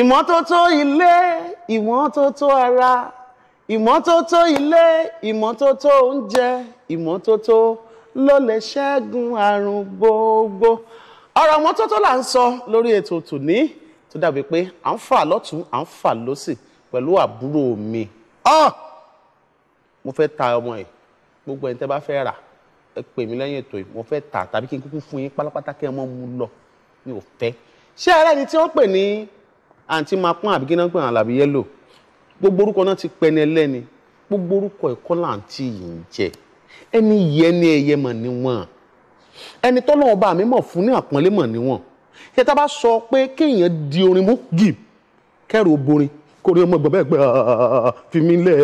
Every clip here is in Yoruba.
ìmọ́tótó ilé ìmọ́tótó ara ìmọ́tótó ilé ìmọ́tótó oúnjẹ ìmọ́tótó ló lè ṣẹ́gun àrùn gbogbo ọ̀rọ̀ ìmọ́tótó là ń sọ lórí ètò tòní tó dàbí pé à ń fà lọ́tún à ń fà lọ́sì pẹ̀lú àbúrò mi ọ́ mo fẹ́ ta ọmọ yìí gbogbo ẹni tẹ́ bá fẹ́ rà ẹ pè mí lẹ́yìn ètò yìí mo fẹ́ tà tàbí kí n kúkú fún yín pátápátá kí ẹ mọ́ mu lọ mi ò fẹ́ ṣé ara ẹni tí wọ́n pè ní àǹtí máa pọ́n àbí kíná pé àwọn àlàbí yẹ́lò gbogbo orúkọ náà ti pẹni ẹlẹ́ni gbogbo orúkọ ẹ̀kọ́ làǹtí yìí ń jẹ ẹni yẹ ni ẹyẹ mọ̀ níwọ̀n ẹni tọ́lọ́wọ́n bá mi mọ̀ fún ní àpọ́nlé mọ̀ níwọ̀n ṣé tá a bá sọ pé kéèyàn di orin mú gì kẹ́rù oborin kó rí ọmọ ẹgbẹ́ bẹ́ẹ̀ pé ah, ah, ah, fi mí lẹ̀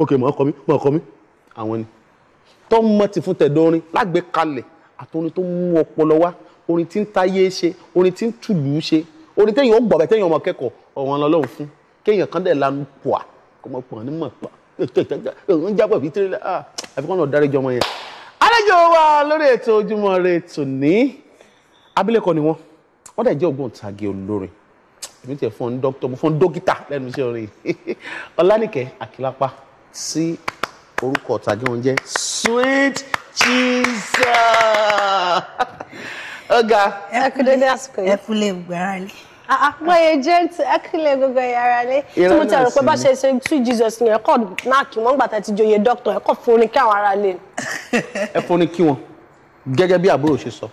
òkè mọ̀ ọkọ mi mọ̀ ọkọ mi àwọn ni tọ́mọ ti fún tẹ̀dọ́rin lágbèékalẹ̀ àtọ́ni tó mú ọpọlọ wá orin tí ń tayé ṣe orin tí ń tùlù ṣe orin téèyàn ó gbọ̀ bẹ́ẹ̀ téèyàn ọmọ kẹ́kọ̀ọ́ ọ̀wọ́n lọ́lọ́run fún kéèyàn kan dẹ̀ lanu pọ̀à kò mọ̀ pọ̀ ní mọ̀ pọ̀ ń jábọ̀ bí tírélà àfikún náà dáríjọ ọmọ yẹn. àlejò wa lórí ètò Ojúmọ́ Ire tòní abilékọ ni wọ́n wọ́n dẹ̀ jẹ́ ògbóǹtagì olórin èmi tiẹ̀ fún dókítà fún dókítà lẹ́nu iṣẹ́ orin Ọlánìkẹ́ Àkìlápá sí orúkọ ọ̀tàgé wọn Sweet Jesus. ọ̀gá. ẹ kúlé lásìkò yìí. ẹ kúlé gbẹ̀rán lé àpọ̀yẹ jẹ́ ẹ̀kílẹ̀ gbogbo ẹ̀yà ara lé tí mo ti rò pé bá ṣe ṣe tú Jesus ni ẹ̀kọ́ náà kí wọ́n gbà tàti joyè dókítà ẹ̀kọ́ fúnni kí àwọn ara lè. ẹ fúnni kí wọn gẹ́gẹ́ bí àbúrò ṣe sọ.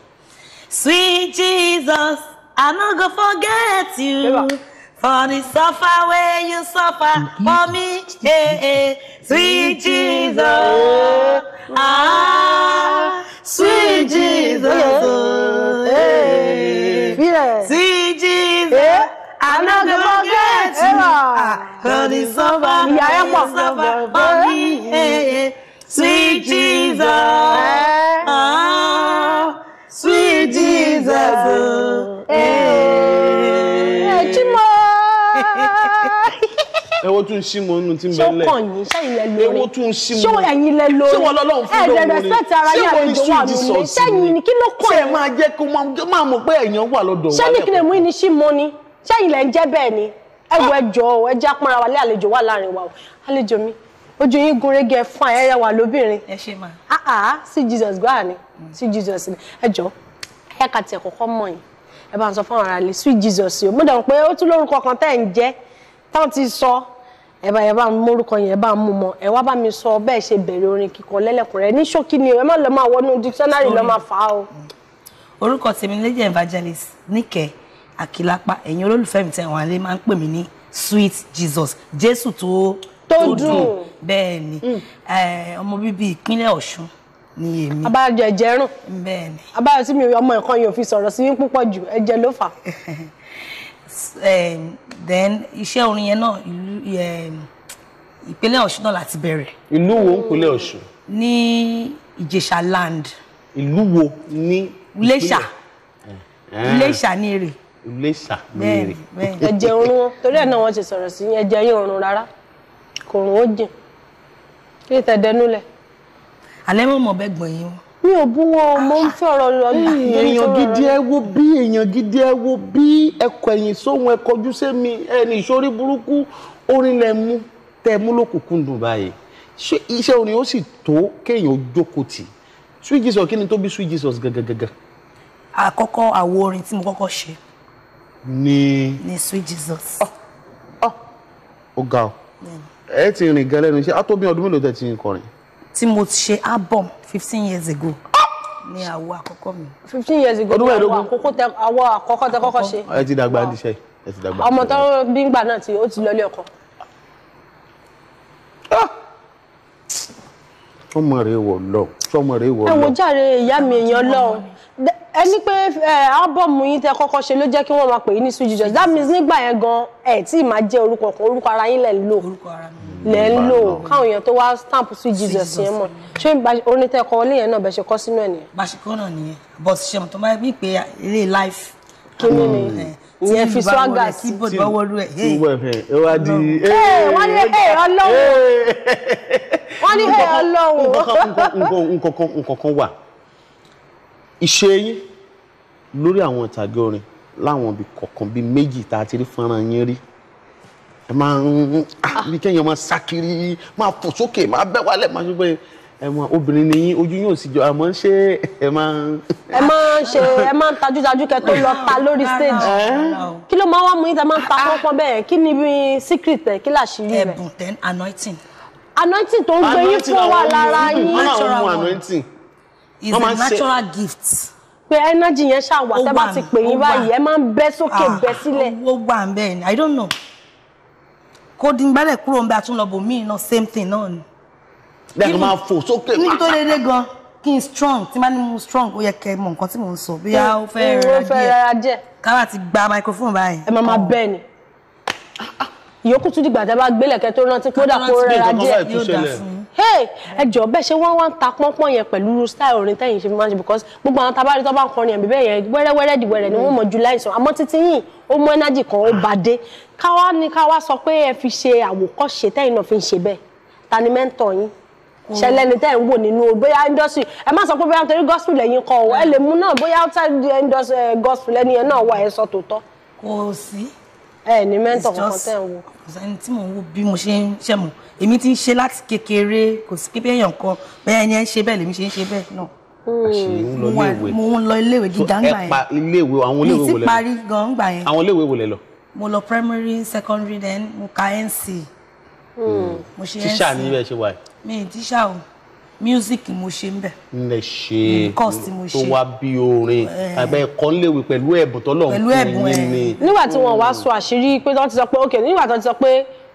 Sweet Jesus, I no go forget you for the suffer where you suffer for me. Hey, eh, eh. hey. Sweet Jesus, I. ewo tún sí mo nù tí n bẹ lẹ ṣé o kàn yín ṣé ìlẹ lórí ewo tún sí mo ṣé ẹ̀yin lẹ lórí ṣé wọn lọlọrun fún lọrun ni ṣé wọn ní sùn jí sọ sí ṣẹyìn ni kí ló kọ ẹ ṣe máa jẹ kó máa mọ pé èèyàn wà lọ́dọ̀ wa ṣé ní kí lè mú ìní sí mo ni ṣẹyìn lẹ ń jẹ bẹ́ẹ̀ ni ẹ wọ ah. ẹjọ ọ ẹjẹ apọnra wa lé àlejò wà láàrin wa o àlejò mi ojú yín gun régé fún ayẹyẹ wa lóbìnrin ẹ ṣe máa ah ah sí Jesus gbáà ni sí Jesus ni ẹjọ ẹ kà tiẹ̀ kọ́kọ́ mọ̀ yín ẹ bá ń sọ fún ara rẹ sweet jesus o mo dẹ̀ mọ̀ pé ó tún lórúkọ kan tẹ́ ẹ̀ ń jẹ́ táwọn ti sọ ẹ bá yẹn bá ń mórúkọ yẹn bá ń mú mọ ẹ wá bá mi sọ bẹ́ẹ̀ ṣe bẹ̀rẹ̀ orin kíkọ lẹ́lẹ́kùnrin ní ṣókí ni ẹ má lọ máa wọnú dictionary lọ máa fà á o. orúkọ tèmi lè jẹ́ evangelist níkẹ́ àkìlápá ẹ̀yin olólùfẹ́ mi tẹ̀ wọ́n alẹ́ máa ń pè mí ní sweet jesus jésù tó tó dùn bẹ́ẹ̀ ni mm. ọmọ bíbí ìpínlẹ̀ ọ̀ṣun ni èmi. abájọ ẹ̀jẹ̀ rùn. bẹ́ẹ̀ ni. abájọ tí mi ọmọ ẹ̀kan yóò fi sọ̀rọ̀ sí púpọ̀ jù ẹ̀jẹ̀ ló fà. Eh, then iṣẹ́ orin yẹn náà ìlú eh, ìpínlẹ̀ ọ̀ṣun náà láti bẹ̀rẹ̀. ìlú wo ìpínlẹ̀ ọ̀ṣun. ní ìjẹ̀ṣà land. ìlú wo ní ìpínlẹ̀. iléṣà iléṣà ní èrè. iléṣà ní èrè. ẹ̀jẹ̀ oorun wọn torí ẹ̀ náà wọ́n ṣe sọ̀rọ̀ sí ẹ̀jẹ̀ yín oorun rárá kò rùn ó jìn kí tẹ̀ dẹnúlẹ̀. alẹ́ mọ̀ mọ̀ bẹ́ẹ̀ gbọ̀n yín wọn mi ò bú wọn mo ń ah, ah. fẹ́ ọ̀rọ̀ lọ. èèyàn gidi ẹ wo bí èèyàn gidi ẹ wo bí ẹkọ ẹ̀yìn sóhun ẹ kọjú sẹ́mi ẹni ìṣorí burúkú orin lẹ mú tẹ mú lókùnkùn dùn báyìí ṣé iṣẹ́ orin ó sì tó kéèyàn jókòó tì sweet jesus kí ni tó bí sweet jesus gangan. àkọ́kọ́ àwo orin tí mo kọ́kọ́ ṣe. ni ni sweet jesus. ọ ah, ọ ah, ó ga ọ ẹ ti rìn gan lẹ́nu iṣẹ́ á tó bí ọdún mélòó tẹ ti ń kọrin. tí mo ṣe album fifteen years ago ní àwo àkọ́kọ́ mi. fifteen years ago ní àwo àkọ́kọ́ tẹ àwo àkọ́kọ́ tẹ kọ́kọ́ ṣe. ẹ ti dàgbà níṣẹ́ ẹ ti dàgbà. ọmọ tó bí ń gbà náà tí ó ti lọ ilé ọkọ. Ah! sọmọ rẹ wọ lọ sọmọ rẹ wọ lọ. ẹ wo jàre ìyá mi èèyàn lọ́hùn ẹ ní pé ábọ̀mù yín tẹ kọ́kọ́ ṣe ló jẹ́ kí wọ́n máa pè yín ní sweet that means nígbà yẹn gan ẹ̀ tí ì máa jẹ́ orúkọ kan orúkọ ara yín lẹ̀ lò. orúkọ ara mi lẹ́ ń lò káwọn èèyàn tó wá stamp sí Jesus yẹn mọ̀ ṣé orin tẹ́ kọ oníyẹn náà bẹ́ẹ̀ ṣe kọ́ sínú ẹ̀ nìyẹn. bá a ṣe kọ́ náà nìyẹn but ṣe mo tó máa bí pé ilé life. kí ni ni eh, ìyẹn fi swaga sí bọ́ọ̀dù bá wọlú ẹ̀. tí wọ́n fẹ́ ẹ wá di. wọ́n ní ẹ ọlọ́run wọ́n ní ẹ ọlọ́run. nǹkankan wà ìṣe yín lórí àwọn ìtàgé orin láwọn ibi kọ̀ọ̀kan bíi méjì tá a ti rí fọ́nrán yín rí ẹ máa ń ah, ah. bí kéèyàn máa sá kiri máa fò sókè máa bẹ́ wálẹ̀ máa ṣe bẹ́ẹ̀ ẹ mọ obìnrin ni yín ojú yóò sì jọ àmọ́ ṣé ẹ máa ẹ máa ń ṣe ẹ máa ń tajútajú kẹ tó lọ ta lórí stage kí ló máa wá mú yín tẹ máa ń ta ah. pọ́npọ́n bẹ́ẹ̀ kí ni secret ẹ kí làṣírí rẹ. ẹ̀bùn then anointing anointing tó ń gbé yín fún wa lára yín. natural anointing is a natural gift. pé energy yẹn ṣàwà tẹ́ bá ti pè yín báyìí ẹ máa ń bẹ́ sókè bẹ́ sílẹ̀. ó wà bẹ́ẹ̀ ni i don't know kó dín gbálẹ̀ kúrò ń bẹ àtúnlọ́bù míì náà same thing náà ni. bẹ́ẹ̀ máa fò sókè máa. níbi tó dédé gan kí n strong tí máa ní mo strong ó yẹ kẹ́ mọ̀ nǹkan tí mò ń sọ bóyá ó fẹ́ rẹra díẹ̀ káwá ti gba microphone báyìí. ẹ máa máa bẹ́ẹ̀ ni ah, ah, ah. ìyókù tún dìgbà tẹ bá gbélẹ̀ kẹ́ tó rántí kódà kó rẹra díẹ̀ yóò dà fún un ẹ jọ bẹ́ẹ̀ ṣe wọ́n wá ń ta pọ́npọ́n yẹn pẹ̀lú style orin tẹ́yìn ṣe fi máa ń ṣe because gbogbo àwọn tabarí tó bá ń kọrin ẹ̀mí bẹ́ẹ̀ yẹn wẹ́rẹ́wẹ́rẹ́ di wẹ́rẹ́ ni wọ́n mọ̀ ju láìsàn àmọ́ títí yìí ó mú ẹ́nájì kan ó bá dé káwá ni káwá sọ pé ẹ fi ṣe àwòkọ́ṣe tẹ́yìn náà fi ń ṣe bẹ́ẹ̀ ta ni mẹ́ńtọ̀ yín ṣẹlẹ̀ ni tẹ́ wò nínú bóyá industry ẹ má sọ pé bóyá nítorí gospel lẹ́yìn kọ́ ọ ẹ lè mú náà bóyá outside the industry eh, gospel lẹ́ni yẹn náà wà ẹ sọ tòótọ́. kò sí ẹ ní mẹ́ńtọ̀ kankan tẹ̀ ń wò. kò sẹ́ni tí mò ń wò bí mo ṣe ń ṣe mọ̀ èmi ti ń ṣe láti kékeré kò sí pípẹ́ èèyàn kan bẹ́ẹ̀ ẹni ẹ̀ ń ṣe bẹ́ẹ̀ lèmi ṣe ń ṣe bẹ́ẹ̀ náà. àṣírí ń lọ iléèwé mo ń lọ yẹn. ẹ pa iléèwé àwọn iléèwé wo lẹ lọ mi ti parí gan ńgbà yẹn. àwọn iléèwé wo lẹ lọ. mo lọ primary secondary then mo ka NC. Hmm. mo ṣe NC tíṣà ni bẹ́ẹ̀ ṣe wà yìí. mi tíṣà o music mo ṣe ń bẹ̀. ǹlẹ̀ ṣe tó wá bí orin eh. àgbẹ̀ ẹ̀kọ́ ń léwu pẹ̀lú ẹ̀bùn tọ́lọ̀ ń fún yín eh. ni. nígbà tí wọn wá sọ àṣírí pé wọ́n ti sọ pé ok nígbà tí wọ́n ti sọ pé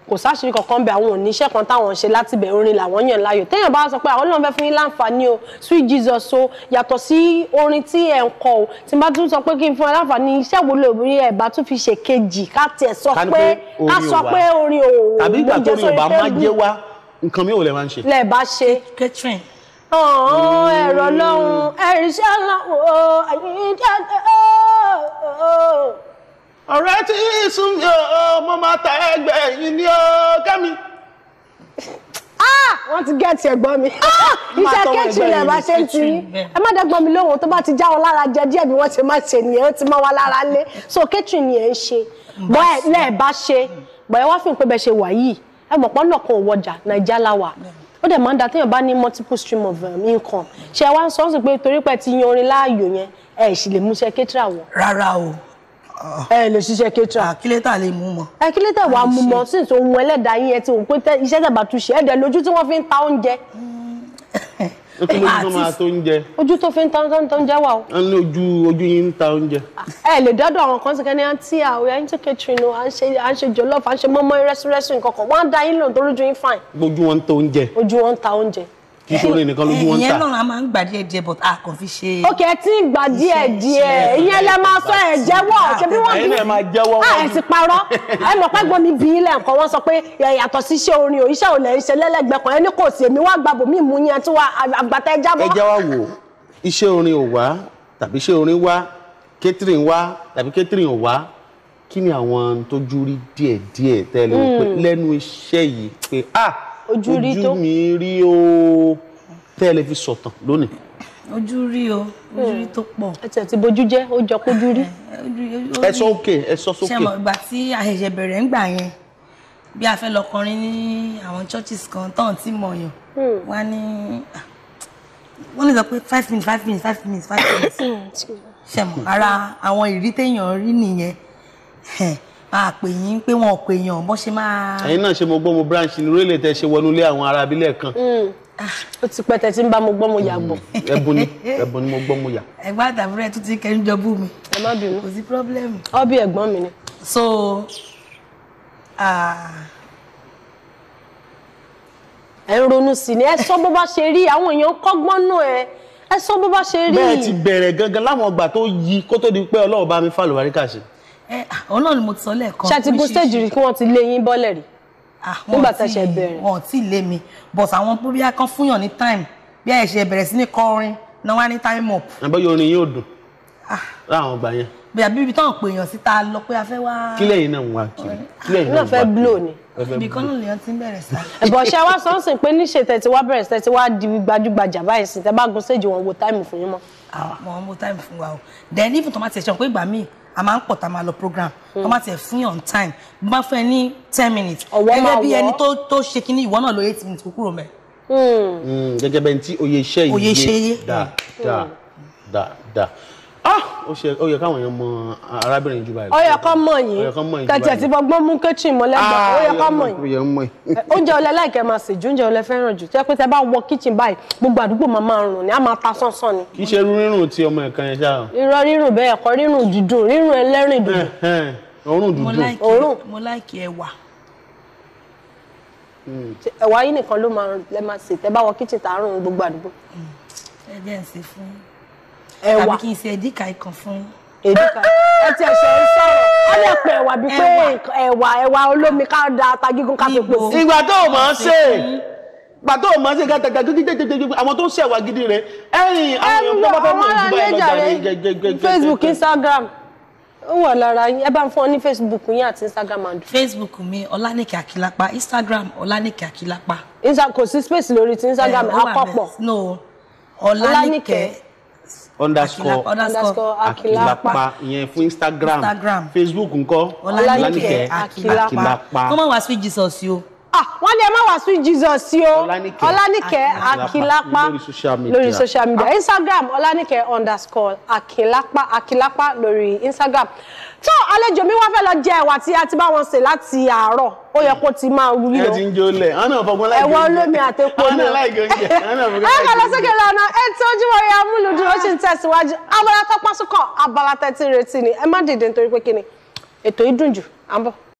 kò sáṣírí kankan bẹ àwọn oníṣẹ́ kan táwọn ṣe láti bẹ̀ orin làwọn yàn láàyò téèyàn bá sọ pé àwọn náà fún yín láǹfààní o sweet jesus o yàtọ̀ sí orin tí ẹ̀ ń kọ o tí n bá tún sọ pé kí n fún ẹ láǹfààní iṣẹ́ wo lè rí ẹ̀ bá tún fi ṣe ká tiẹ̀ sọ pé ká sọ pé orin òun ò ní jẹ́ sórí tẹ́ẹ̀bù nǹkan mi ò lè máa ń ṣe. lẹ bá ṣe. catherine. ọ̀hún oh, ẹ̀rọ lọ́hún ẹ̀rìṣẹ́ lọ́hún àyíjáde oh, ọ̀rẹ́ tí sùn mí ọ̀ oh, mo máa ta ẹgbẹ́ yìí ní ọ̀kẹ́mi. Ah! wọ́n ti gẹ̀ẹ́tì ẹ̀gbọ́n mi ah! Ah! iṣẹ́ kẹ́tì ilẹ̀ bá ṣe ń ti yín ẹ má dẹ́gbọ́n mi lóhùn tó bá ti já wọn lára jẹ díẹ̀ bí wọ́n ṣe máa ṣe nìyẹn ó ti mọ́ wa lára lé so kẹ́tì ni ẹ̀ ń ṣe mm. bọ́ lẹ́ẹ̀ bá ṣe bọ́ wá fi ń pé bẹ́ẹ̀ ṣe wà yìí ẹ mọ̀ pọ́n náà kò wọjà nàìjà láwà ó dẹ̀ máa ń da téèyàn bá ní multiple stream of um, income ṣé wá ń sọ ọ́n sì pé torí pé ti yan orin láàyò yẹn ẹ sì lè mú iṣẹ́ kétra rárá o. ẹ lè ṣiṣẹ́ kétra. àkílẹ́tà lè mú mọ. ẹ kílẹ́tà wàá mú mọ sí ìtòhun ẹlẹ́dàá yín ẹ ti wò pé iṣẹ́ tẹ̀ bá tún ẹ̀ dẹ̀ lójú tí wọ́n fi ń ta oúnjẹ. Hmm ó tún lójú tó máa tó oúnjẹ. ojú tó fi ń ta ń ta oúnjẹ wà o. a ní ojú ojú yín ń ta oúnjẹ. ẹ lè dọ́dọ̀ àwọn kan sìnkẹ́ ní àǹtí àwòrán yín tó o à ń ṣe à ń ṣe jollof à ń ṣe mọ́mọ́ rẹ́sírẹ́sì nǹkan kan wọ́n á da yín lòun tó lójú yín fine. ojú wọn ń ta oúnjẹ. ojú wọn ń ta oúnjẹ kì í ṣorin nìkan lójú wọn ń tà. ìyẹn náà máa ń gbà díẹ̀ díẹ̀ but a kàn fi ṣe. ok ẹ ti ń gbà díẹ̀ díẹ̀ ìyẹn lẹ máa sọ ẹ jẹ́wọ́ ṣe bí wọ́n bí ẹ̀yin náà máa jẹ́wọ́ ah, ẹ ti parọ́ ẹ mọ̀ pé gbọ́n bí ilẹ̀ nǹkan wọn sọ pé yàtọ̀ sí iṣẹ́ orin òyìṣẹ́ ò lẹ́ ń ṣe lẹ́lẹ́gbẹ̀ẹ́ kan ẹni kò sí èmi wá gbàbọ̀ mí mú yẹn tí àgbàtà ẹ jábọ́. ẹ wa wò iṣẹ́ orin ò wá tàbí iṣẹ́ orin wá catering wá tàbí catering ò wá kí ni àwọn tójú rí díẹ̀díẹ̀ tẹ́lẹ̀ pé hmm. lẹ́nu iṣẹ́ yìí pé ah ojú rí tó ojú mi rí o tẹ́lẹ̀ fi sọ̀tàn lónìí. ojú rí o ojú rí tó pọ̀. ẹsẹ̀ ti bojú jẹ́ ó jọ kójú rí. Eh, ẹ sọ òkè ẹ sọ sókè. ṣé mo ìgbà tí àṣẹ̀ṣẹ̀ bẹ̀rẹ̀ ń gbà yẹn bí a fẹ́ lọ kọrin ní àwọn churches kan tán tí mo yàn hmm. wá ní ah, wọ́n lè sọ pé five minutes five minutes five minutes five minutes ṣe mọ̀ ara àwọn ìrí téèyàn rí nìyẹn àpè yín pé wọn ò pè yàn bó ṣe máa. ẹ̀yin náà ṣe mo gbọ́ mo branch ní orílẹ̀ tẹ ṣe wọnú ilé àwọn ará abílẹ̀ kan. o mm. ti pẹ́ tẹ ti ń bá mo gbọ́ mo yà bọ̀. Mm. ẹ̀bùn ni ẹ̀bùn ni mo gbọ́ mo yà. ẹ̀gbọ́n àtàbúrò ẹ̀ tún ti kẹrin jọ bú mi. ẹ má bínú kò sí pírọ́blẹ́mù. ọ bí ẹ̀gbọ́n mi ni. so ẹ ń ronú sí ni ẹ sọ bó bá ṣe rí àwọn èèyàn kọ́gbọ́n náà ẹ ẹ sọ bó bá ṣe rí. bẹ́ẹ̀ ti bẹ̀rẹ̀ gangan láwọn ọgbà tó yí kó tó di pé Ọlọ́run bá mi fàlùbáríkà sí i. Eh, ah, òun náà ni mo sọ lẹ́ẹ̀kan. ṣáà ti gun stage kí wọ́n ti lé yín bọ́lẹ̀ rí ah, nígbà tá a ṣe bẹ̀rẹ̀. wọn ò tí ì lé mi but àwọn bí a kan fúnyàn ní time bí a ṣe bẹ̀rẹ̀ sí ní kọrin náà wá ní time up. àbẹ́ yóò rin yóò dùn ah. láwọn ọgbà yẹn. bí àbíbi táwọn pèèyàn síta lọ pé a fẹ́ wá. kílẹ̀ yìí náà ń wá kiri kílẹ̀ yìí náà ń wá kiri. fẹ́ blow ni. ibì kan náà lèèyàn ti ń bẹ̀rẹ̀ sí. ẹ̀bọ̀ ṣe wá sọ́nsìn pé níṣe tẹ̀síwá bẹ̀rẹ̀ tẹ̀síwá di gbajúgbajà báyìí sí tẹ́ àwọn ah. ọmọ time fún wa o then even tó máa ti ẹ̀ ṣe pé ìgbà míì a máa ń pọ̀ tá a máa lọ program tó máa ti ẹ̀ fún yàn time bó bá fún ẹ ní ten minutes gẹ́gẹ́ bí ẹni tó ṣe kínní ìwọ náà ló eight minutes kó kúrò mẹ́. Hmm. Hmm. gẹ́gẹ́ bẹ́ẹ̀ ni tí oyè iṣẹ́ yìí yé dáadáa dáadáa ah ó yẹ káwọn èèyàn mọ arábìnrin jù báyìí. ó yẹ kán mọ̀ yín tí bọ́gbọ́n mú kitchen mọ́ lẹ́gbẹ̀ẹ́ ah, ó yẹ kán mọ̀ oúnjẹ olè láìkẹ́ máa sè oúnjẹ olè fẹ́ràn jù tẹ́ pé tẹ́ bá wọ kitchen báyìí gbogbo àdúgbò máa máa rùn ni a máa ta sánsán ni. kì í ṣe irun rírùn ọmọ ẹ̀kan yẹn ṣáà. irọ́ rírùn bẹ́ẹ̀ kọ́ rírùn dídùn rírùn ẹlẹ́rìn dùn. mo láìkì ẹwà ẹwà yìí nìkan ló máa lẹ́ máa sè tẹ́ bá wọ kitchen tààrùn gbogbo àdúgbò. Hmm. ẹ ń ṣe fún ẹ̀wà tàbí kì í ṣe èdìkà ikàn fún. èdìkà ẹ ti ẹ̀ṣẹ̀ ń sọ̀rọ̀ ó lè pẹ̀ ẹ̀wà bíi pé ẹ̀wà ẹ̀wà olómi ká da ata gígùn ká fi pò sí. ìgbà tó o mọ̀ ọ́ ṣe ìgbà tó o mọ̀ ọ́ ṣe gàtàgà gígígígígí àwọn tó ń ṣẹ̀wà gidi rẹ̀ ẹ̀yìn àwọn èèyàn tó bá fẹ́ mọ̀ ìjùbọ̀ ẹ̀ Facebook Instagram ó wà lára yín ẹ bá ń fún ọ ní facebook yín àti instagram and. facebook mi ọlánìkẹ́ akílápá instagram ọlánìkẹ́ akílápá. kò sí space lórí ti instagram àpapọ̀. no ọlánìkẹ́ underscore underscore akilapa ìyẹn fún instagram instagram facebook ńkọ́ ọláníkẹ́ akilapa kọ́mọ̀ wá sweet jesus yìí o. Ah, wọ́n lè má wá sweet jesus sí o ọlánìkẹ́ akínlápá lórí social media ah. instagram ọlánìkẹ́ underscore akínlápá akínlápá lórí instagram tó àlejò mi wá fẹ́ lọ jẹ ẹ̀wà tí a ti bá wọn sè láti àárọ̀ ó yẹ kó ti máa wí lọ ẹ ti ń jólẹ̀ ọ̀nà ọ̀fọ̀gbọ́n láì gbóúnjẹ ẹ̀wọ̀n olómi àtẹ́kọ́ náà ọ̀nà láì gbóúnjẹ ọ̀nà ọ̀fọ̀gbọ́n láì gbóúnjẹ. ẹ lọ sókè lọ́nà ètò Ojúmọ́ Ire amúlùdùn ó sì ń tẹ̀síwájú abala tó pásùkọ̀ abala tẹ́tí retí ni ẹ má dìde nítorí pé kíni ètò yìí dùn jù à ń bọ̀.